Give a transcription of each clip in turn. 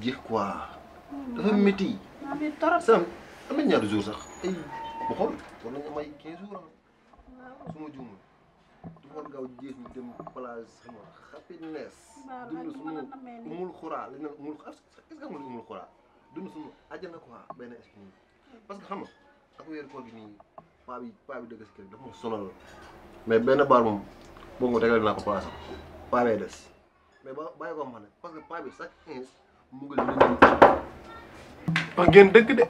jeex quoi hmm, dafa métti. métti trop Sam am na ñaari jours sax ay bu xool war nañu may 15 jours ah. su ma juumee du xool gaaw jeex ñu dem plage sama happiness. dund suñu umul xuraa li ñu naan umul xuraa est-ce que amul xuraa dund suñu hmm. parce que xam nga ak weeru koor gi nii paa bi dëgg si kër dafa ma sonal mais benn baar moom boo ko naa ko place am des mais ba bàyyi ko parce que paa bi chaque wax ah, ngeen dëgg de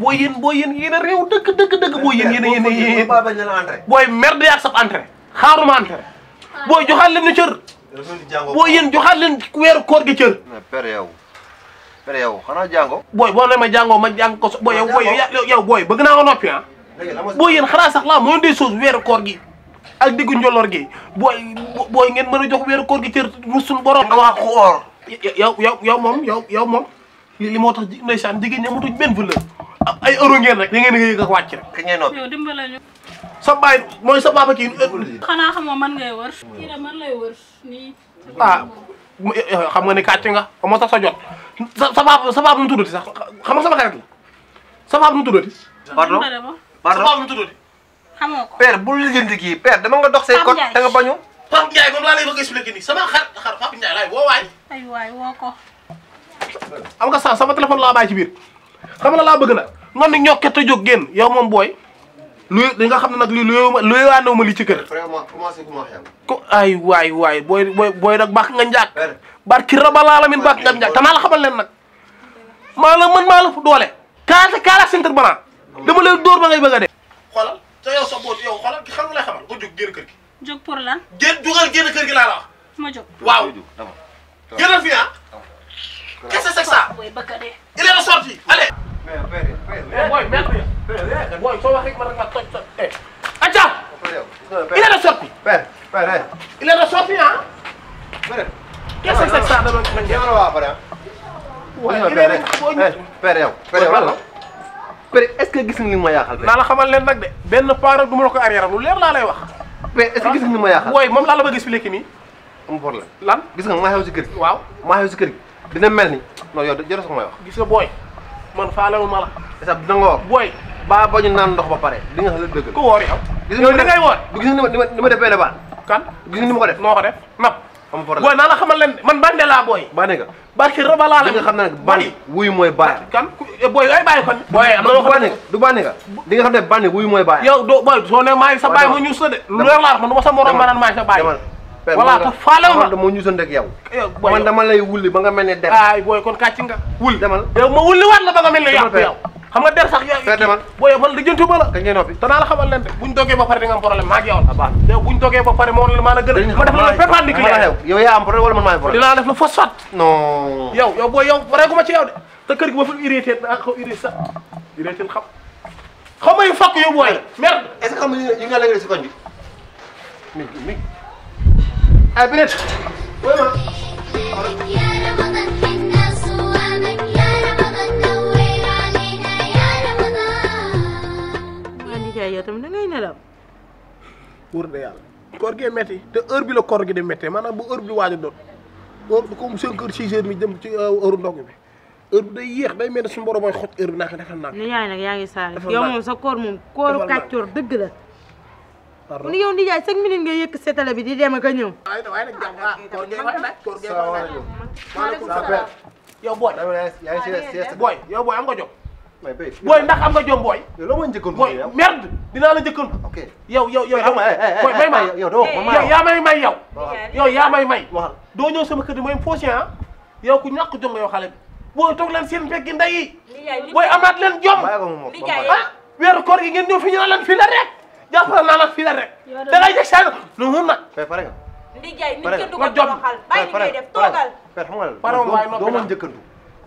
boo yéen boo yéen yéen a réew dëkk dëgg dëgg boo yéen yéen yéen yéen booy merde ak sab entrée xaaruma entrée ah. booy joxaat leen ñu cër boo yéen joxaat leen weeru koor gi cër père yow père booy boo ma jàngoo ma jàng ko booy yow booy yow booy bëgg naa ko noppi ah boo yéen xanaa sax la mooy des choses weeru gi ak diggu ngeen mën a jox weeru koor gi cër rusul borom nga wax xoor yow ya, yow ya, yow ya, moom yow yow moom li moo tax ndeysaan jigéen ñi amatuñ ben valeur ay euro ngeen rek da ngeen di yëg ak wàcc rek kañ ngay noppi yow dimbala ñu sa baay mooy sa papa kii eh, xanaa xamoo man ngay wër kii da man lay wër nii ah eh, eh, xam nga ne kàcc nga moo sa jot sa papa sa papa nu tuddati sax xam sama xarit la sa papa nu tuddati pardon pardon sa papa nu tuddati xamoo ko père bul lijjanti kii père dama nga dox say code da nga bañu Pape Ndiaye moom laa lay bëgg expliquer nii sama xar xar Pape Ndiaye waay. ko. am nga sax sama téléphone laa baay ci biir xam la laa bëgg nag noonu ñoo ket a jóg génn yow moom booy. lu li nga xam ne nag lii luy luy waanoo ma li ci kër. vraiment ko ay waay waay booy booy booy nag baax nga njaag. barki rabal alamin baax nga njaag te naa la xamal leen nag. maa la man maa la fu doole. kaata kaala centre banaan. dama leen dóor ba ngay bëgg a dee. xoolal te yow yow xoolal ki xam nga lay xamal nga gi. jóg pour lan. génn dugal génn kër gi laa la wax. ma jóg waaw génnal fii ah. qu'est-ce que c'est ça. booy bëgg a dee. il est ressorti allez. booy mel ni. booy soo waxee man nga toj toj eh. acca. il est ressorti. père père il est ressorti ah. qu'est-ce que c'est ça. waaw est-ce que gis nga ni ma yaaxal. naa la xamal leen nag de benn paaro du ma la ko arrière lu leer laa lay wax. mais est ce gis ma yaaxal waaye moom lan la bëgg expliquer nii. amul problème lan gis nga maa xew si kër waaw maa xew si kër dina mel ni non yow jërëjëf may wax. gis booy man faalewu ma la. est dina nga woor booy. baa ba ñu naan ndox ba pare li nga xam ne dëgg la. ku woor yow. gis nga ni ma def yow da gis nga ni ma ni ma def benn kan gis ko def noo ko def nap. am problème booy naa la xamal leen man bande laa booy. bande nga raba laa la bande wuyu mooy baay. kan eh, booy ay kon. booy am na bande nga du bande nga li nga xam ne bande wuyu mooy sa baay mu ñuus la de. lu leer man du ma sa morom ma naan maay sa baay. voilà te faale ma man moo ñuusoon rek yow. Eh, man dama lay wulli ba nga mel ne def. ay booy kon kàcc nga. wul demal yow ma wulli waat la ba nga mel ne yàqu xam nga der sax yooyu booy man lijjantu ba la kañ ngay noppi danaa la xamal leen de buñ dogee ba pare di nga am problème maa ak yow la ah, te buñ dogee ba pare moo la maa la gën a ma def la la perpendiculaire yow yaa am problème wala man maa am problème dinaa def la phosphate non booy yow reegu ma ci yow de te kër gi ma fa naa xaw irrité sax irrité xam xaw may fakk yow booy merde ay binet nelaw. wóor na koor gee métti te heure bi la koor gi di maa maanaam bu heure bi waaj a doon heure comme 5 heures 6 heures mi dem ci euh, heure ndog bi day yéex day mel xot heure bi naa ko defal naa ko. nijaay nag yaa ngi saal moom sa koor moom kooru kàccoor dëgg la. pardon ni yow nijaay chaque minute nga setale bi di dem ak a boy nak booy ndax am nga jom boy lo boy merde dinaa la njëkkoon. ok yow yow yow yow may may yow do wax ma yaa may may yow. yow yaa may may. waaw doo sama kër di mooy fauché yow ku ñàkk jom nga yow xale boy booy toog seen ndey jom. ah koor gi ngeen ñëw fi ñu la rek. jàppal naa la fii la rek. da ngay yegg saa lu mun na. pare nga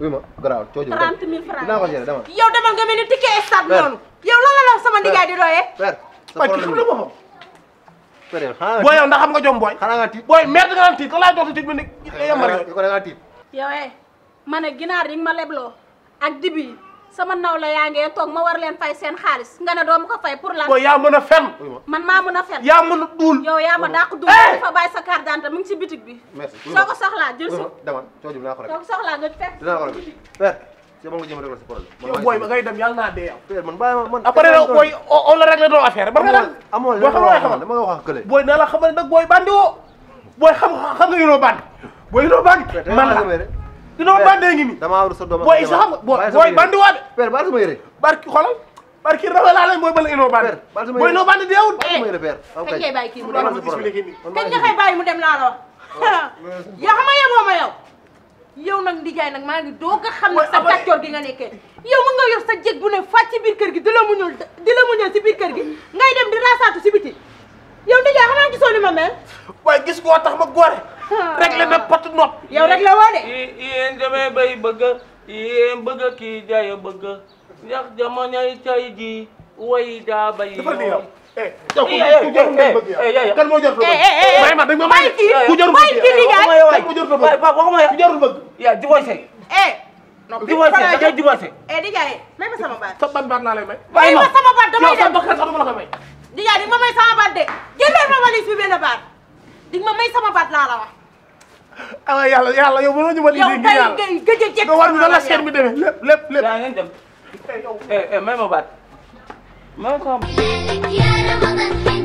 oui ma garaaw coojo. 30 000 francs dinaa ko gérer dama. yow demal nga mel ni ticket stade noonu. yow lan la sama ndigaay di doyee. booy yow ndax xam jom booy. xanaa mer da nga naan tiit lan laa jox si tiit bi ne. yambar yow ko da tiit. yow eh ma ne ginaar ma lebloo ak dibi sama nawla yaa ngee tok ma war len fay sen xaalis nga na doo ma ko fay pour lan. ya yaa mën fen. man ma mën a fen. yaa mën yow ya ma dàq dul eh! fa bay sa carte d'identité mu ngi ci boutique bi. merci soko soxla jël su dama coono la ko rek soko soxla nga fek dina ko rek ci yow nga jëm rek sa problème. yow boy ba ngay dem yalla na dé yow. fer man bàyyi ma man. après nag boy on la régler do affaire bar nga dal amol li ma wax dama nga wax ak Boy, booy la xamal nak boy bandi wo boy xam xam nga yoroo bandi. boy yoroo bandi man la dina ma bandee ngi nii. damaa war a sotti doomu booy xam nga booy bandiwaat. père baal sama yére. barki xoolal barki rawee laa leen mooy bala inoo bandi. père baal sama deewul. sama yére père. kañ ngay bàyyi mu dem kañ nga koy bàyyi mu dem laa la wax. yow. ngi xam sa gi nga yow nga yor sa bu ne kër gi di la ya, ya, ya. gitu. muñul gitu. di la muñul si biir kër gi gitu. ngay dem di raasaatu si biti yow ndijaay ma mel. gis tax ma gore régler ma potu nopp. yow régler woo de. yéen damay bay bëgg yéen bëgg kii jaay bëgg ndax jamonoy tey jii way daa bay. eh yow ku jarul ngeen bëgg yow kan Eh eh eh, may ma dañ ma may ku jarul bëgg yow kan moo jarul bëgg waxuma yow ku jarul ya, eh non divorcé da ngay divorcé. eh di jaay may sama baat. sa ban baat naa sama baat damay dem yow sa bakkan sax dama la ko sama baat de jëndal ma valise bi benn baat sama baat laa ah yàlla yàlla yow mënoo ñu mën a. yow kay gëj nga war ñu la seet mi demee lépp lépp lépp. daa ngeen dem eh, eh eh may ma baat may